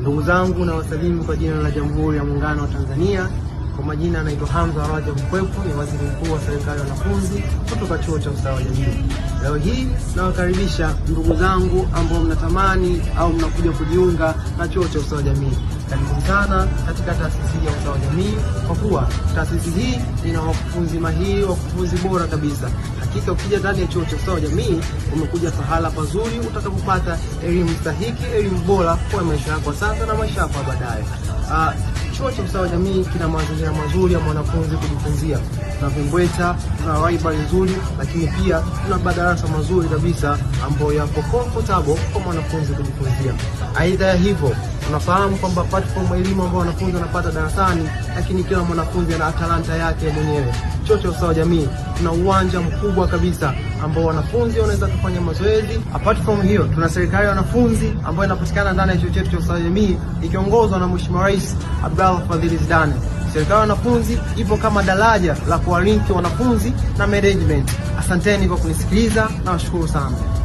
Ndugu zangu, nawasalimu kwa jina la Jamhuri ya Muungano wa Tanzania. Kwa majina anaitwa Hamza raja Mkwepo, ni waziri mkuu wa serikali ya wanafunzi kutoka chuo cha ustawi wa jamii. Leo hii nawakaribisha ndugu zangu ambao mnatamani au mnakuja kujiunga na chuo cha ustawi wa jamii. Karibuni sana katika taasisi ya ustawi wa jamii, kwa kuwa taasisi hii ina wakufunzi mahiri, wakufunzi bora kabisa. Hakika ukija ndani ya chuo cha ustawi wa jamii umekuja pahala pazuri utakapopata elimu stahiki, elimu bora kwa maisha yako sasa na maisha yako baadaye. Ah, Chuo cha Ustawi wa Jamii kina mazingira mazuri ya mwanafunzi kujifunzia, tuna vimbweta, tuna raiba nzuri, lakini pia tuna madarasa mazuri kabisa ambayo yako comfortable kwa mwanafunzi kujifunzia. Aidha ya hivyo Tunafahamu kwamba platform elimu ambayo wanafunzi wanapata darasani, lakini kila mwanafunzi ana talanta yake mwenyewe. Chuo cha usawa Jamii tuna uwanja mkubwa kabisa ambao wanafunzi wanaweza kufanya mazoezi. Apart from hiyo, tuna serikali ya wanafunzi ambayo inapatikana ndani ya chuo chetu cha Usawa Jamii ikiongozwa na Mheshimiwa Rais Abdallah Fadhili Zidane. Serikali ya wanafunzi ipo kama daraja la kuwalinki wanafunzi na management. Asanteni kwa kunisikiliza, na washukuru sana.